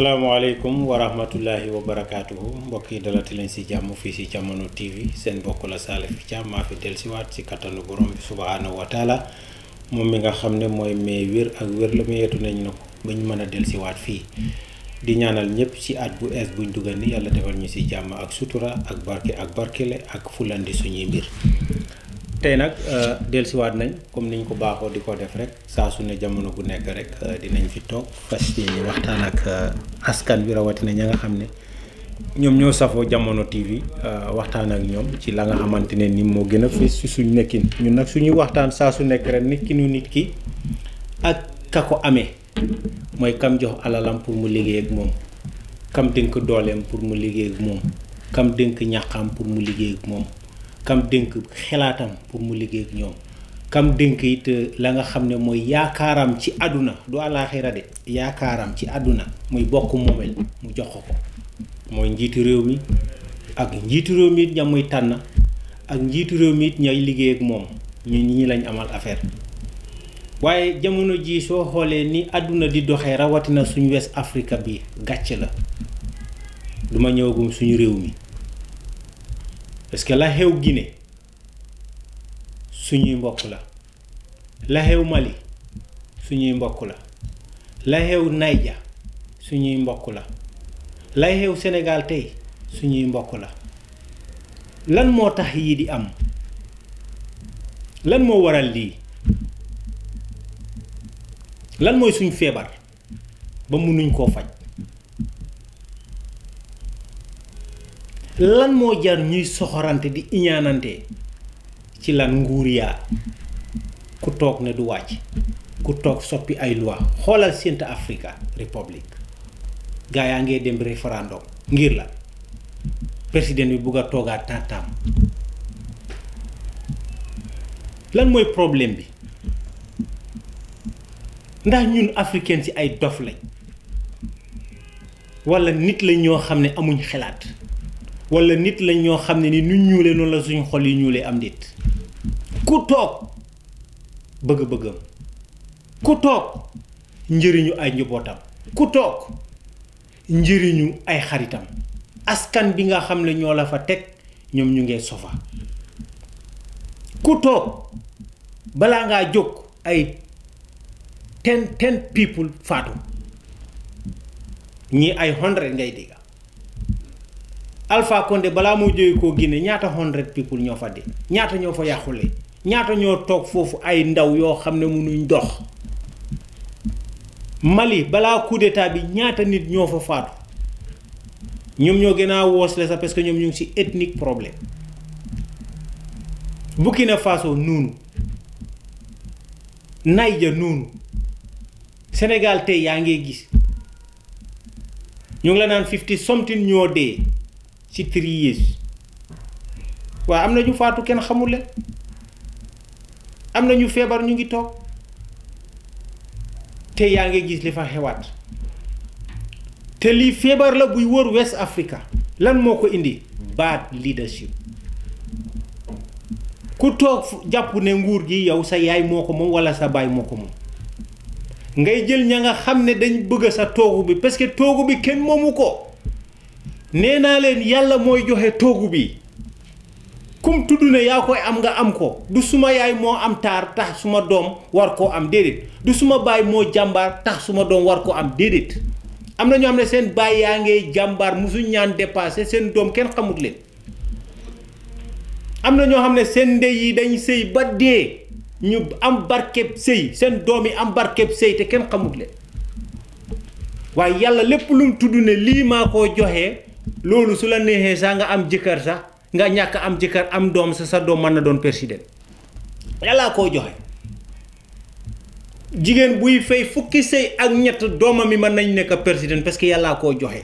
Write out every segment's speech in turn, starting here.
asalaamaaleykum wa rahmatullahi wa barakaatuhu mbokk yi dalati lañ si jàmm fii si jamono TV seen mbokk la Salif Thiam maa fi dellusiwaat si kattanu borom bi subhaanahu wa taala moom mi nga xam ne mooy may wér ak wér la mu yeetu nañ na ko ba ñu mën a dellusiwaat fii di ñaanal ñëpp ci at bu ees buñ dugal ni yàlla defal ñu si jàmm ak sutura ak barke ak barkele ak fulandi suñuy mbir tey nag euh, dellusiwaat nañ comme niñ ko baaxoo di ko def rek saa su ne jamono bu nekk rek euh, dinañ fi toog fas yéene waxtaan ak euh, askan bi rawatina ña nga xam ne ñoom ñoo safoo jamono TV waxtaan ak ñoom ci la nga xamante ne ni moo gën a fës si suñ nekkin ñu nag suñuy waxtaan saa su nekk rek nit ki nu nit ki ak ka ko amee mooy kam jox alalam pour mu liggéey ak moom kam dénk dooleem pour mu liggéey ak moom kam dénk ñàqam pour mu liggéey ak moom. kam dénk xalaatam pour mu liggéey ak ñoom kam dénk it euh, la nga xam ne mooy yaakaaram ci àdduna du àllaaxira de yaakaaram ci àdduna muy bokk moomeel mu jox ko mooy njiitu réew mi ak njiitu réew mi it tànn ak njiitu réew ñay liggéey ak moom ñu ñi lañ amal affaire waaye jamono jii soo xoolee ni àdduna di doxee rawatina suñu West Africa bi gàcce la duma ñëwagum suñu réew mi parce que la xew Guinée suñuy mbokk la la xew Mali suñuy mbokk la la xew Niger suñuy mbokk la la xew Sénégal tey suñuy mbokk la lan moo tax yii di am lan moo waral lii lan mooy suñ feebar ba mënuñ koo faj lan moo jar ñuy soxorante di iñaanante ci lan nguur yaa ku toog ne du wàcc ku toog soppi ay loi xoolal Centre Africa Republic gaa yaa ngee dem référendum ngir la président bi bugg a toogaat lan mooy problème bi ndax ñun africain ci ay dof lañ walla nit la ñoo xam ne amuñ xalaat wala nit lañ ñoo xam ne ni nu ñuulee noonu la suñu xol yi ñuulee am nit ku toog bëgg-bëggam ku toog njëriñu ay njabootam ku toog njëriñu ay xaritam askan bi nga xam ne ñoo la fa teg ñoom ñu ngee sofa ku toog balaa ngaa jóg ay ten ten people faatu ñii ay hundred ngay dégga Alpha Condé balaa moo jógee koo Guinée ñaata hundred people ñoo fa de ñaata ñoo fa yàqule ñaata ñoo toog foofu ay ndaw yoo xam ne nuñ dox Mali balaa coup bi ñaata nit ñoo fa faatu ñoom ñoo gën a woosle sax parce que ñoom ñu ngi ci ethnique problème Burkina Faso noonu Niger noonu Sénégal tey yaa ngi gis ñu ngi la naan fifty something ñoo dee. ci tri yeesu waaw am na ñu faatu kenn xamul leen am na ñu feebar ñu ngi toog te yaa ngi gis li fa xewaat te lii feebar la buy wër West Africa lan moo ko indi baat leadership ku toog jàpp ne nguur gi yow sa yaay moo ko moom walla sa baay moo ko moom ngay jël ña nga xam ne dañ bëgg sa toogu bi parce que toogu bi kenn moomu ko nee naa leen yàlla mooy joxe toogu bi kum tudd ne yaa koy am nga am ko du suma yaay moo am taar tax suma doom war koo am déedéet du suma baay moo jàmbaar tax suma doom war koo am déedéet am na ñoo xam ne seen baay yaa ngay jàmbaar musu ñaan dépassé seen doom kenn xamut leen am na ñoo xam ne seen ndey yi dañ sëy ba dee ñu am barkeb sëy seen doom yi am barkeb sëy te kenn xamut leen waaye yàlla lépp lu tudd ne lii maa ko joxe loolu su la neexee sax nga am jëkkër sax nga ñàkk am jëkkër am doom sa sa doom man na doon président yàllaa koo joxe jigéen buy fay fukki sëy ak ñett doomam yi mën nañ nekk président parce que yàllaa koo joxe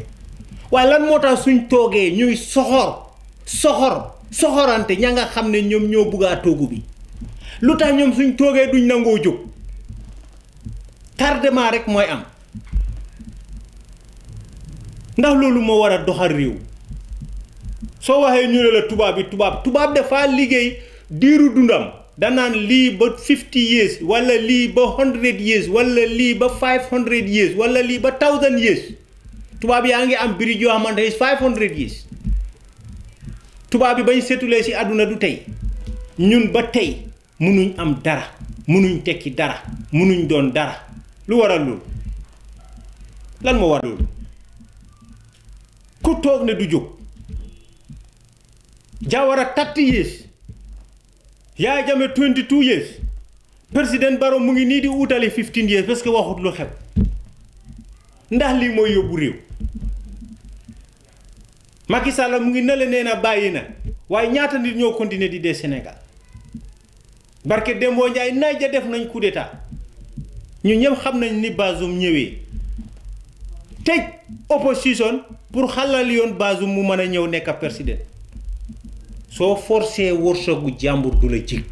waaye lan moo tax suñ toogee ñuy soxor soxor soxorante ña nga xam ne ñoom ñoo buggaa a toogu bi lu tax ñoom suñ toogee duñ nangoo jóg tardement rek mooy am ndax loolu moo war a doxal réew soo waxee ñu ne la tubaab bi tubaab tubaab dafa liggéey diiru dundam danaan lii ba 50 years walla lii ba 100 years wala lii ba 500 years wala lii ba 1000 years tubaab yaa ngi am biri yoo xamante ne 500 years tubaab yi bañ seetulee ci àdduna du tey ñun ba tey mënuñ am dara mënuñ tekki dara mënuñ doon dara lu waral loolu lan moo waral loolu. ku toog ne du jóg Jawara thirty years Yahya Jammeh twenty two years président Barrow mu ngi nii di utali fifteen years parce que waxut lu xew ndax lii mooy yóbbu réew Macky Sall mu ngi ne la nee na bàyyi na waaye ñaata nit ñoo continuer di dee Sénégal barke Dembo Ndiaye naaj ja def nañ coup ñu ñëpp xam nañ ni Bazoum ñëwee tëj opposition pour xalal yoon baasu mu mën a ñëw nekk ab soo forcé wërsëgu jàmbur du la jig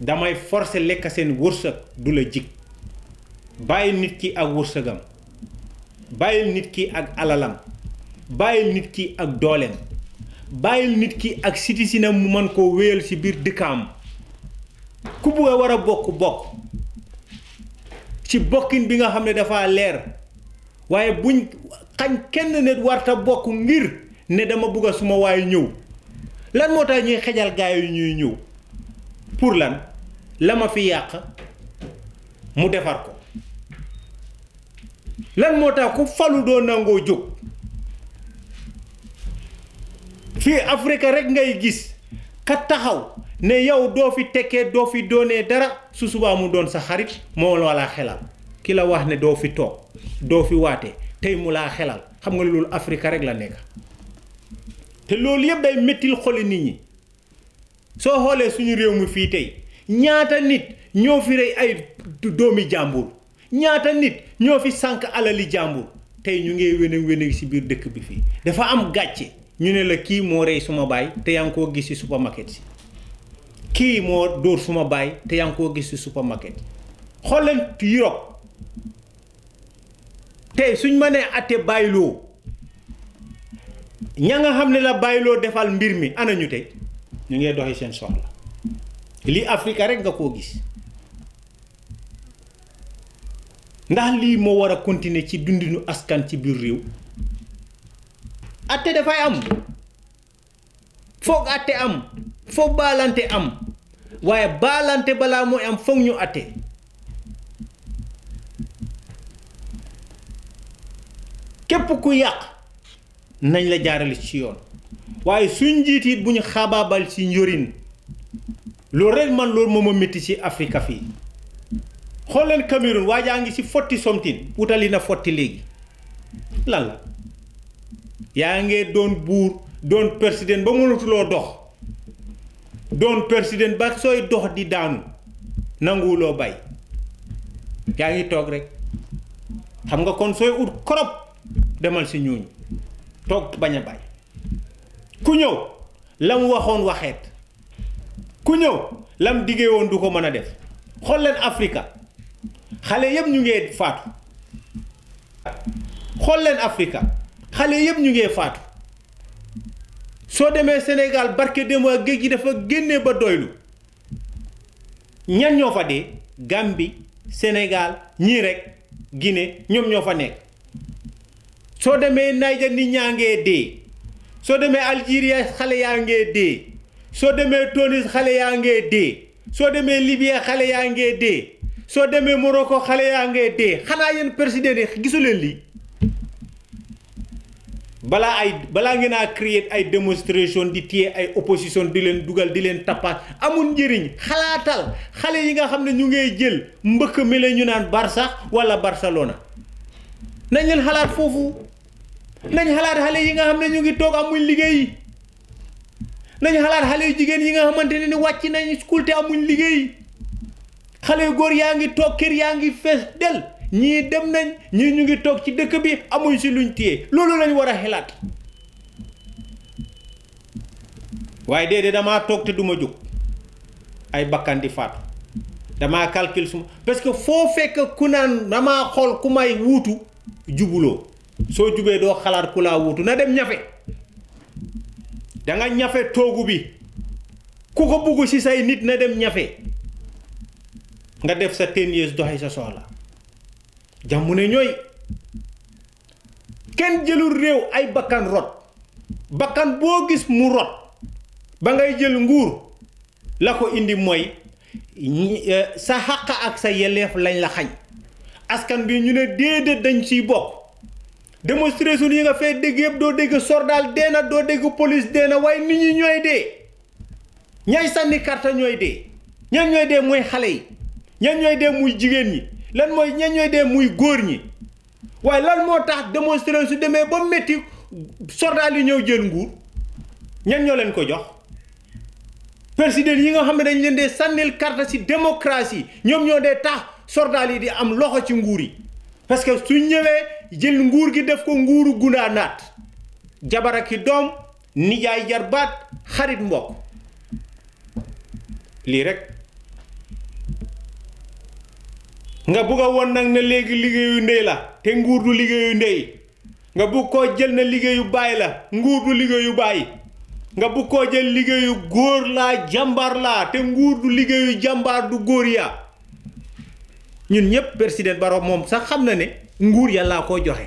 damay forcé lekk seen wërsëg du la jig bàyyil nit ki ak wërsëgam bàyyil nit ki ak alalam bàyyil nit ki ak dooleem bàyyil nit ki ak citizenam mu mën koo wéyal ci biir dëkkaam ku bugg a war a bokk bokk ci bokkin bi nga xam ne dafa leer waaye buñ xañ kenn nit warta bokk ngir ne dama bugg suma waay ñëw lan moo tax ñuy xejal gaay yu ñuy ñëw pour lan la ma fi yàq mu defar ko lan moo tax ku falu doo nangoo jóg fii Afrique rek ngay gis ka taxaw ne yow doo fi tekkee doo fi doonee dara su subaa mu doon sa xarit moo la xelal ki la wax ne doo fi toog doo fi waatee tay mu la xelal xam nga lool afrika rek la nek te lool yeb day mettil xol nit ñi so xoolee suñu rew mu fi tay ñaata nit ñoo fi rey ay doomi jambour ñaata nit ñoo fi alali jambour tay ñu ngey wene wene ci biir dekk bi fi dafa am gatché ñu ne la ki mo rey suma bay te yang ko gis ci supermarket si mo door suma bay te yang ko gis ci supermarket xool Europe tey suñ mënee atte bàyyiloo ña nga xam ne la bàyyiloo defal mbir mi ana ñu tey ñu ngee doxi seen soxla lii Afrique rek nga koo gis ndax lii moo war a continuer ci dundinu askan ci biir réew atte dafay am foog atte am foog baalante am waaye baalante balaa mooy am foog ñu atte képp ku yàq nañ la jaarale ci yoon waaye suñ njiit it bu ñu xabaabal ci njorin loolu rek man loolu moom a métti ci Afrique fii xool leen Cameroun waa jaa ngi ci fotti somtin wutali na fotti léegi lan la yaa ngee doon buur doon président ba mënatuloo dox doon président ba sooy dox di daanu nanguwuloo bay yaa ngi toog rek xam nga kon sooy ut korop demal si ñooñu toog bañ a bàyyi ku ñëw lam waxoon waxeet ku ñëw lam diggee woon du ko mën a def xool leen Afrika xale yëpp ñu ngee faatu xool leen Afrika xale yëpp ñu ngee faatu soo demee Sénégal barke dem waa géej gi dafa génnee ba doylu ñan ñoo fa dee Gambie Sénégal ñii rek Guinée ñoom ñoo fa nekk soo demee Niger ñaa ngee dee soo demee Algérie xale yaa ngee dee soo demee Tunis xale yaa ngee dee soo demee Libye xale yaa ngee dee soo demee Morocco xale yaa ngee dee xanaa yéen président yi gisuleen lii balaa ay balaa ngeen a créer ay démonstration di téye ay opposition di leen dugal di leen tappaat amul njëriñ xalaatal xale yi nga xam ne ñu ngay jël mbëkk mi la ñu naan Barça wala Barcelona nañ leen xalaat foofu nañ xalaat xale yi nga xam ne ñu ngi toog amuñ liggéey nañ xalaat xale yu jigéen yi nga xamante ne ni wàcc nañu school te amuñ liggéey xale yu góor yaa ngi toog kër yaa ngi fees del ñi dem nañ ñii ñu ngi toog ci dëkk bi amuñ si luñ téye loolu lañu war a xalaat waaye déedéet damaa toog te duma jóg ay bakkan di faatu damaa calcul suma parce que foo fekk ku naan damaa xool ku may wuutu jubuloo so jube do xalaat kula wutu na dem ñafe da nga ñafe togu bi ku ko bugu ci say nit na dem ñafe nga def sa ten years doxee sa soxla jamu ne ñoy ken jëlul réew ay bakkan rot bakkan bo gis mu rot ba ngay jël nguur la ko indi moy eh, sa haqa ak sa yelef lañ la xañ askan bi ñu ne déedéet dañ ci bokk démonstration yi nga fay dégg yëpp doo dégg sordaal dee na doo dégg police dee na waaye nit ñi ñooy dee ñay sànni carte ñooy dee ñan ñooy dee mooy xale yi ñan ñooy dee muy jigéen ñi lan mooy ñan ñooy dee muy góor ñi waaye lan moo tax démonstration su demee ba métti sordaal yi ñëw jël nguur ñan ñoo leen ko jox président yi nga xam ne dañ leen dee sànnil carte ci démocratie ñoom ñoo dee tax sordaal yi di am loxo ci nguur yi parce que suñ ñëwee jël nguur gi def ko nguuru gunaa naat jabar doom nijaay jarbaat xarit mbokk lii rekk nga bugg a woon nag ne léegi liggéeyu ndey la te nguur du liggéeyu ndey nga bugg koo jël na liggéeyu baay la nguur du liggéeyu baay nga bugg koo jël liggéeyu góor laa jàmbaar laa te nguur du liggéeyu jàmbaar du góor yaa ñun ñëpp président Barrow moom sax xam na ne nguur yàllaa koo joxe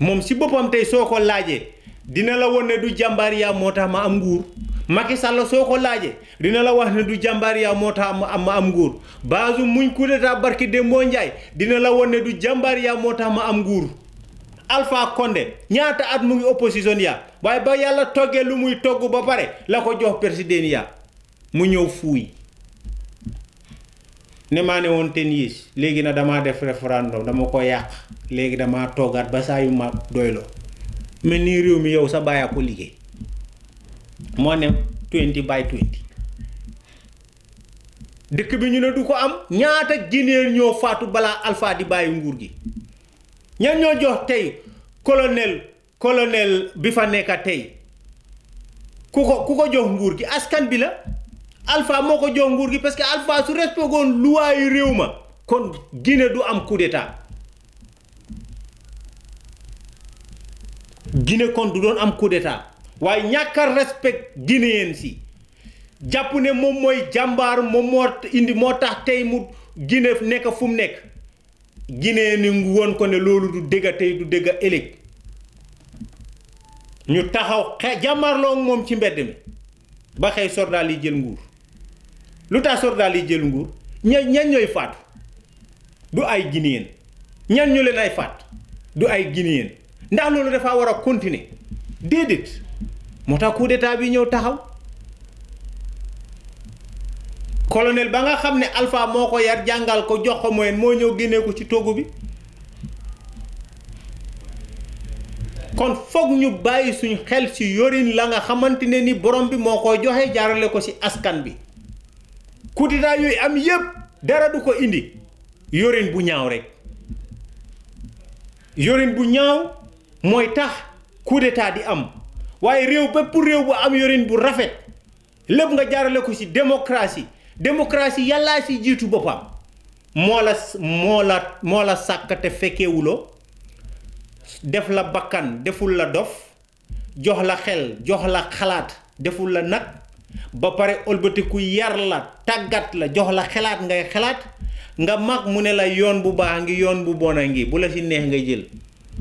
moom si boppam tey soo ko laajee dina la woon ne du jàmbaar yaa moo tax ma am nguur Macky Sall soo ko laajee dina la wax ne du jàmbaar moo tax ma am ma am nguur Bazoum muñ coup d'état barki Dembo Ndiaye dina la woon ne du jàmbaar yaa moo tax ma am nguur Alpha Condé ñaata at mu ngi opposition yaa waaye ba yàlla toggee lu muy togg ba pare la ko jox président yaa mu ñëw fuuy ne maa ne woon ten years léegi na damaa def référendum dama ko yàq léegi dama toggaat ba saa yu ma doyloo mel ni réew mi yow sa bàyyi ko liggéey moo ne 20 by 20 dëkk bi ñu ne du ko am ñaata gineer ñoo faatu balaa Alpha di bàyyi nguur gi ñan ñoo jox tey kolonel colonel bi fa nekka tey ku ko ku ko jox nguur gi askan bi la Alpha moko ko jox nguur gi parce que Alpha su respect gon loi yi kon guiné du am coup d'état guiné kon du don am coup d'état way ñàkk respect guinéen si Japune né mom moy jambar mom indi mo tax tey mu guiné nek fu mu nekk Guinée ni won ko ne lolu du dégg tay du dégg élect ñu taxaw jamar jàmbaarloo mom ci mbedd ba xey sordaal yi jël nguur lu tax soldaar yi jël nguur ña ñan du ay guinéen ñan ñu leen ay faat du ay guinéen ndax loolu dafa war a continuer déedéet moo tax coup d'état bi ñëw taxaw kolonel ba nga xam ne Alpha moo ko yar jàngal ko jox ko moyen moo ñëw génnee ko ci togg bi kon foog ñu bàyyi suñu xel ci yorin la nga xamante ne ni borom bi moo ko joxe jaarale ko ci askan bi Kudita d'état am yep dara du ko indi yorin bu ñaaw rek yorin bu ñaaw moy tax kudeta di am wa réew pour rew bu am yorin bu rafet lepp nga jaarale ko ci démocratie démocratie yalla ci jitu molas moo la moo la moo la te fekkeewuloo def la bakkan deful la dof jox la xel jox la khalat deful la nak ba pare ëlbatiku yar la tàggat la jox la xalaat ngay xalaat nga mag mu ne la yoon bu baax ngi yoon bu bon a ngi bu la si neex nga jël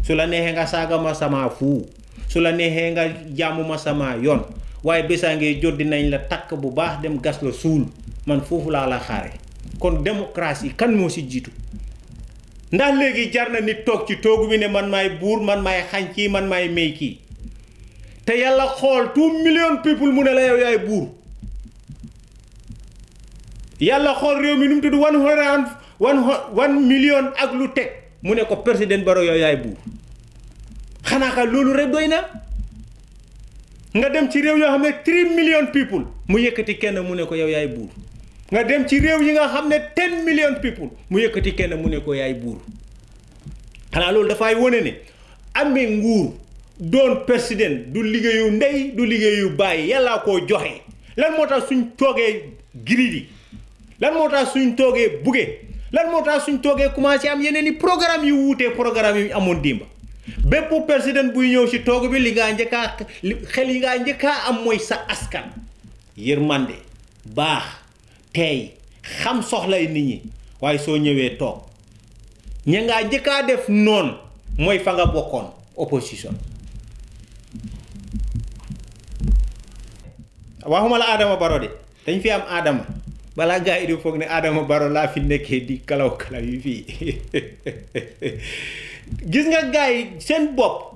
su la neexee nga saaga ma sama fuu su la neexee nga jaamu ma sama yoon waaye bésaa ngi jot dinañ la takk bu baax dem gas la suul man foofu laa la xaare kon démocratie kan moo si jiitu ndax léegi jar na nit toog ci toogu bi ne man may buur man may xañ kii man may may kii te yàlla xool tout million people mu ne la yow yaay buur yàlla xool réew mi nu mu tudd one hundred one one million ak lu teg mu ne ko président Barrow yow yaay buur xanaa ka loolu rek doy na nga dem ci réew yoo xam ne three million people mu yëkkati kenn mu ne ko yow yaay buur nga dem ci réew yi nga xam ne ten million people mu yëkkati kenn mu ne ko yaay buur xanaa loolu dafay wone ne amee nguur doon président du liggéeyu ndey du liggéeyu bàyyi yàllaa ko joxe lan moo tax suñ toogee giridi lan moo tax suñ toogee buge lan moo tax suñu toogee commencé am yeneen i programme yu wuutee programme yu amoon dimba bépp président buy ñëw ci toog bi li ngaa njëkkaa xel yi ngaa njëkkaa am mooy sa askan yërmande baax teey xam soxlay nit ñi waaye soo ñëwee toog ña ngaa njëkkaa def noon mooy fa nga bokkoon opposition waxuma la Adama Baro de dañ fi am Adama balaa gaa yi di foog ne Adama Baro laa fi nekkee di kalaw kalaw yi fii gis nga gaa yi seen bopp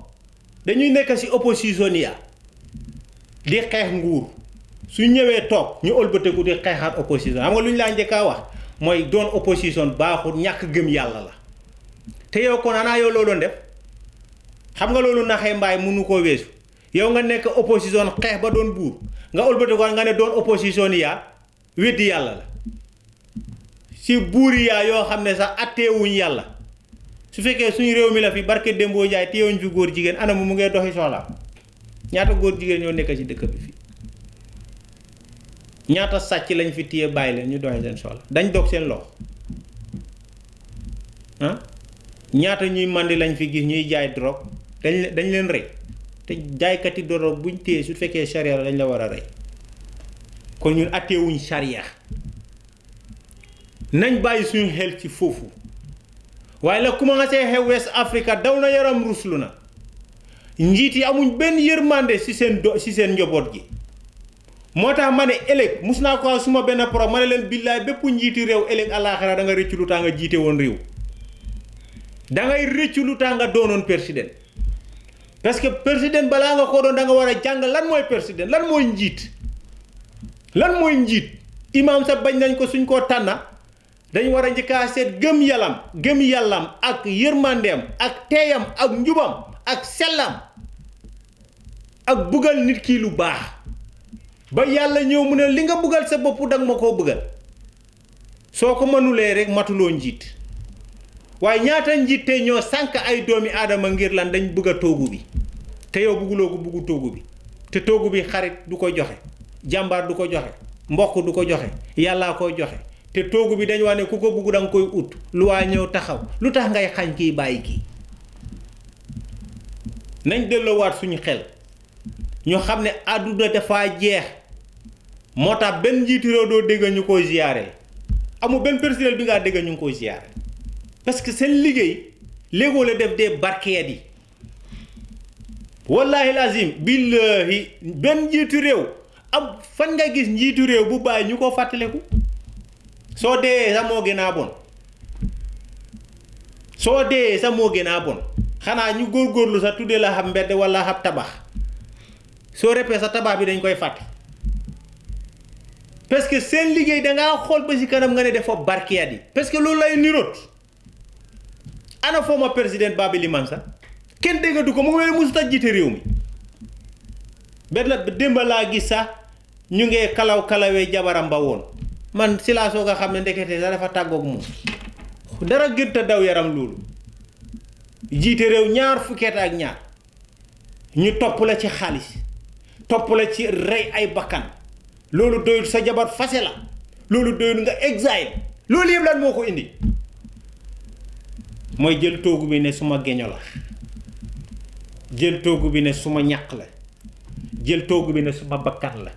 dañuy nekk si opposition ya di xeex nguur su ñëwee toog ñu ëlbateku di xeexaat opposition xam nga lu ñu laa njëkk a wax mooy doon opposition baaxul ñàkk gëm yàlla la te yow kon anaa yow looloon def xam nga loolu naxee mbaay mënu koo weesu yow nga nekk opposition xeex ba doon buur nga ëlbatikuwaat nga ne doon opposition ni yaa weddi yàlla la si buuri yaa yoo xam ne sax attewuñ yàlla su fekkee suñu réew mi la fi barke Dembo Njaay téewuñ fi góor jigéen anam mu ngay doxi soxla ñaata góor jigéen ñoo nekk ci dëkk bi fii ñaata sàcc lañ fi téye bàyyi leen ñu doxee seen soxla dañ dog seen loxo ah? ñaata ñuy màndi lañ fi gis ñuy jaay drogue dañ dañ leen rëy te jaaykati doro buñ téye su fekkee charia la dañ la war a rey kon ñun atteewuñ charia nañ bàyyi suñu xel ci foofu waaye la commencé xew West Africa daw na yaram ruslu na njiit yi amuñ benn yërmande si seen do si seen njaboot gi moo tax ma ne ëllëg mus naa ko suma benn pro ma ne leen billaay bépp njiiti réew ëllëg àllaaxira da nga rëccu lu tax nga jiite woon réew da ngay rëccu lu tax nga doonoon président parce que président bala nga ko don da nga wara jang lan moy président lan moy njit lan moy njit imam sa bañ nañ ko suñ ko tanna dañ wara ñika set gem yalam gem yalam ak yermandem ak teyam ak njubam ak selam ak bugal nit ki lu bax ba yalla ñew mu ne li nga bugal sa bop dag mako bugal soko manulé rek matulo njit waye ñaata njité ño sank ay doomi adama ngir lan dañ bëgg togu bi te yow bugguloo ko buggu toogu bi te toogu bi xarit du ko joxe jàmbaar du ko joxe mbokk du ko joxe yàllaa koy joxe te toogu bi dañu wax ne ku ko bugg danga koy ut lu waa ñëw taxaw lu tax ngay xañ kii bàyyi kii nañ delloowaat suñu xel ñu xam ne àdduna dafa jeex moo tax benn njiitu réew doo dégg ñu koy ziyaare amul benn personnel bi ngaa dégg ñu ngi koy ziyaare parce que seen liggéey léegoo la def dee barkeet yi wallahi lazim billahi benn njiitu réew ab fan nga gis njiitu réew bu bàyyi ñu ko fàttaleku soo dee sa moo gën a bon soo dee sa moo gën a bon xanaa ñu góorgóorlu sa tuddee la xam mbedd walla xam tabax soo reppee sa tabax bi dañ koy fàtt parce que seen liggéey dangaa xool ba si kanam nga ne dafa barkiyaat yi parce que loolu lay niroot ana former président Babi Liman sax kenn du ko moom yooyu musuta jiite réew mi benn demba la gis sa ñu ngee kalaw kalawee jabaram ba won man si laa soog a xam ne ndekete sa dafa tàggoog mu dara gënta daw yaram loolu jité réew ñaar fukéta ak ñaar ñu top la ci xaliss top la ci ay bakkan lolu doyul sa jabar fasé la lolu doyul nga exile lulu yëpp lan moko indi moy jël togu bi ne suma geño jël toogu bi ne suma ñaq la jël toogu bi ne suma bakkan la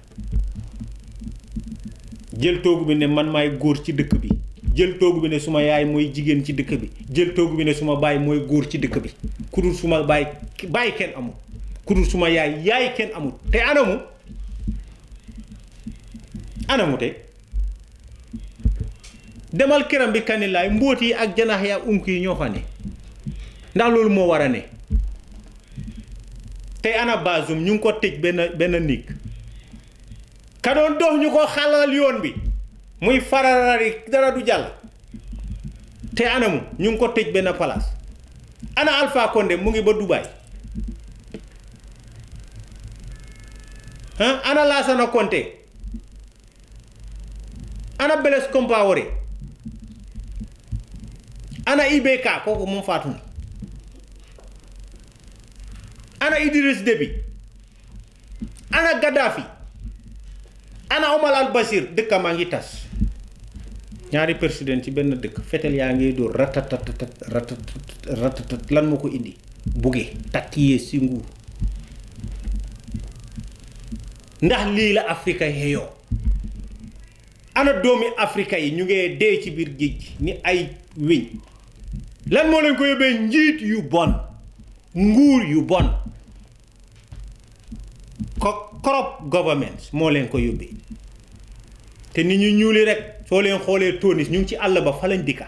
jël toogu bi ne man maay góor ci dëkk bi jël toogu bi ne suma yaay mooy jigéen ci dëkk bi jël toogu bi ne suma baay mooy góor ci dëkk bi ku dul suma baay baay kenn amul ku suma yaay yaay kenn amul te anamu anamu te demal këram bi kanilaay mbóot yi ak janax ya unk yi ñoo fa ne ndax loolu moo war a ne te ana anabasum ñu ngi ko tëj benn benn néeg ka doon dox ñu ko xalal yoon bi muy fararari dara du jàll te anamu ñu ngi ko tëj benn palaas ana Alpha Condé mu ngi ba Dubaay ah ana Lassana Conté ana Blaise Compaoré ana IBK kooku moom faatu ana Idris debi ana Gaddafi ana Omar al Bashir dëkkam nyari ngi tass ñaari president ci ben dëkk fetel ya ngi do ratatat ratatat ratatat lan moko indi bugge takkiyee si ndax li la Afrika heyo ana domi Afrika yi ñu ngee dé ci bir geej ni ay wiñ lan mo leen ko yobé you yu bon nguur yu bon corrupt governments moo leen ko yóbbee te ni ñu ñuuli rek soo leen xoolee tonis ñu ngi ci àll ba fa lañ dikka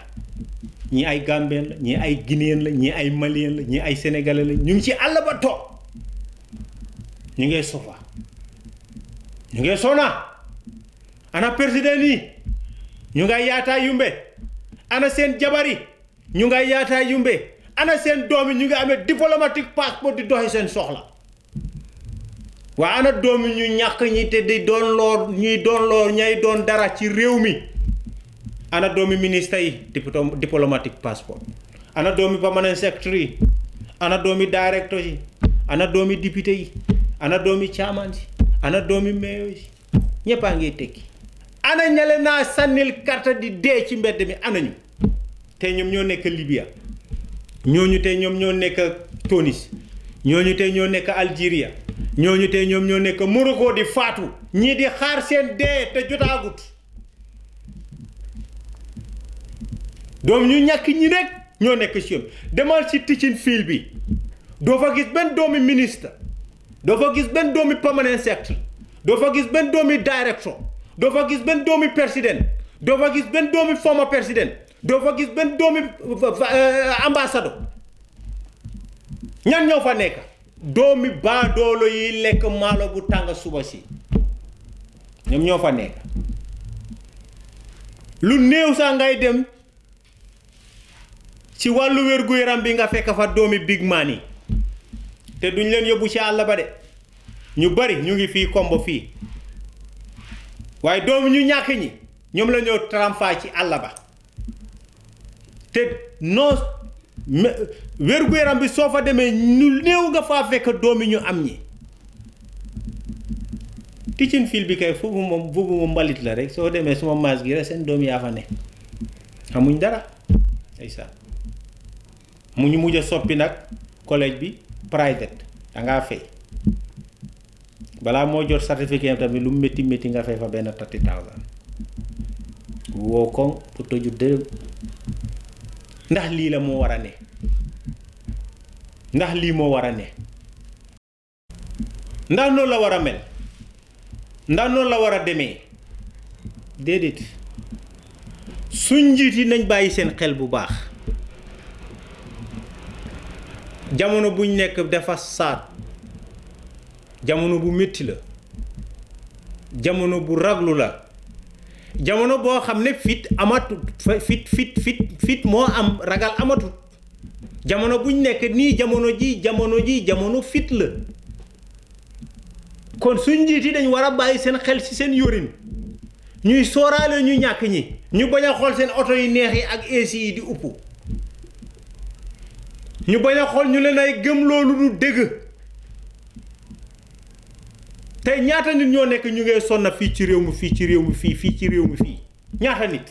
ñi ay gambien la ñi ay guinéen la ñi ay malien la ñi ay sénégalais la ñu ngi ci àll ba toog ñu ngay sofa ñu ngay sona ana président yi ñu ngay yaataa yumbe ana seen jabari ñu ngay yaataa yumbe ana seen doomi ñu ngi amee diplomatique passeport di doxi seen soxla waa ana doomi ñu ñàkk ñi te di doon loo ñuy doon lool ñay doon dara ci réew mi ana doomi ministre yi diplomatique passeport ana doomi permanent secretary yi ana doomi directeur yi ana doomi député yi ana doomi caaman si ana doomi mayo si ñëpp a ngi tekki ana ñale naa sànnil carte di dee ci mbedd mi ana ñu tey ñoom ñoo nekk Libya ñooñu tey ñoom ñoo nekk Tunis ñu tey ñoo nekk Algeria ñooñu tey ñoom ñoo nekk Moroko di faatu ñii di xaar seen dee te jotaagut doom ñu ñàkk ñi rek ñoo nekk si demal si teaching fiil bi doo fa gis benn doomi ministre doo fa gis benn doomi permanent secretary doo fa gis benn doomi director doo fa gis benn doomi président doo fa gis benn doomi former président doo fa gis benn doomi eh, ambassadeur ñan ñoo fa nekk doomi baadoolo yi lekk maalo bu tàng suba si ñoom ñoo fa nekk lu néew sax ngay dem ci wàllu wér-gu-yaram bi nga fekk fa doomi big man yi te duñ leen yóbbu ci àll ba de ñu bari ñu ngi fii komb fii waaye doomi ñu ñàkk ñi ñoom la ñoo ci àll ba te noo mais wérgu yaram bi soo fa demee ñu néew nga faa fekk doomi ñu am ñi ticin fiil bi kay foofu moom foofu mbalit la rek soo demee suma maas gi rek seen doom yaa fa ne xamuñ dara ay sa mu ñu mujj soppi nag collège bi private dangaa fay balaa moo jot certificat tamit lu métti métti nga fay fa benn thirty thousand woo koŋ pour tëju dërëm ndax lii la moo war a ne ndax lii moo war a ne ndax noonu la war a mel ndax noonu la war a demee déedéet suñ njiit yi nañ bàyyi seen xel bu baax jamono buñ nekk dafa saat jamono bu metti la jamono bu raglu la jamono boo xam ne fit amatut fit fit fit fit moo am ragal amatut jamono buñ nekk nii jamono ji jamono ji jamono fit la kon suñ njiit yi dañ war a bàyyi seen xel ci seen yorin ñuy sooraale ñu ñàkk ñi ñu bañ a xool seen oto yi neex yi ak AC yi di upp ñu bañ a xool ñu leen ay gëm loolu du dëgg tey ñaata nit ñoo nekk ñu ngay sonna fii ci réew mi fii ci réew fii fii ci réew mi fii ñaata nit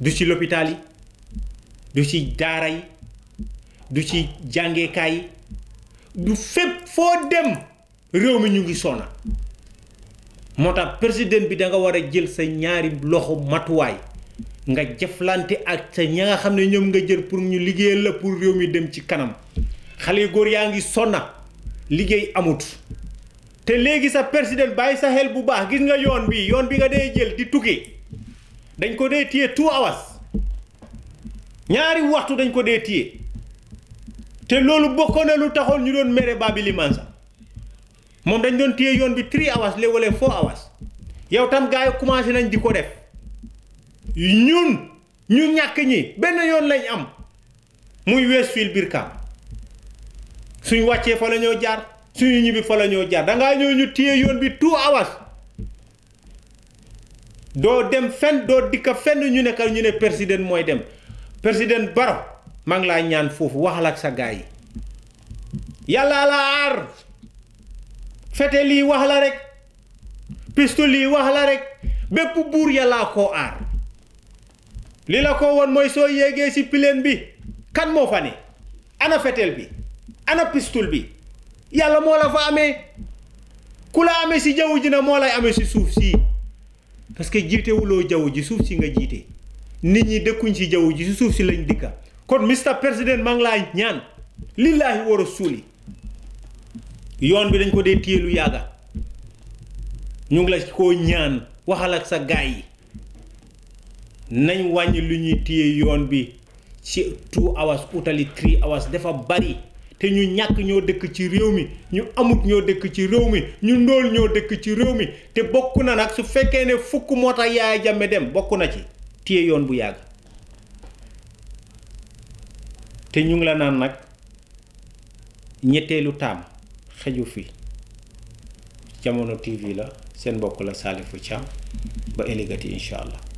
du ci lopitaal yi du ci daara yi du ci jàngekaay yi du fépp foo dem réew mi ñu ngi sonna moo tax président bi da nga war a jël sa ñaari loxo matuwaay nga jëflante ak sa ña nga xam ne ñoom nga jël pour ñu liggéeyal la pour réew mi dem ci kanam xale yu góor yaa ngi sonna liggéey amut te léegi sa président bàyyi sa xel bu baax gis nga yoon bi yoon bi nga dee jël di tukki dañ ko dee téye two hours ñaari waxtu dañ ko dee téye te loolu bokkoon na lu taxoon ñu doon mere Baabi Limansa moom dañ doon téye yoon bi tri hours le wala four hours yow tam gars yi commencé nañ di ko def ñun ñu ñàkk ñi benn yoon lañ am muy Westfield Brikama suñ wàccee fa la ñoo jaar suñu ñibi fa la ñoo jaar da ngaa ñëw ñu téye yoon bi tout hours doo dem fenn doo dikka fenn ñu ne ka ñu ne président mooy dem président baro ma ngi laa ñaan foofu waxal ak sa gaay yi yàlla la aar fete lii wax la rek pistol lii wax la rek bépp buur yàlla koo aar li la ko won moy so si plein bi kan mo fa ana fetel bi ana pistol bi yàlla moo la fa amee ku la amee si jaww ji na moo lay amee si suuf si parce que jiitewuloo jaww ji suuf si nga jiite nit ñi dëkkuñ si jaww ji si suuf si lañ dikka kon Mr President maa ngi laa ñaan lillaahi wa rasuuli yoon bi dañ ko dee téye lu yàgga ñu ngi la koo ñaan waxal ak sa gaay yi nañ wàññi lu ñuy yoon bi ci two hours utali three hours dafa bari te ñu ñàkk ñoo dëkk ci réew mi ñu amut ñoo dëkk ci réew mi ñu ndóol ñoo dëkk ci réew mi te bokk na nag su fekkee ne fukk moo tax Yaya Jammeh dem bokk na ci téye yoon bu yàgg te ñu ngi la naan nag ñetteelu taam xeju fi jamono TV la seen bokk la Salifou Thiam ba ëllëgati incha allah.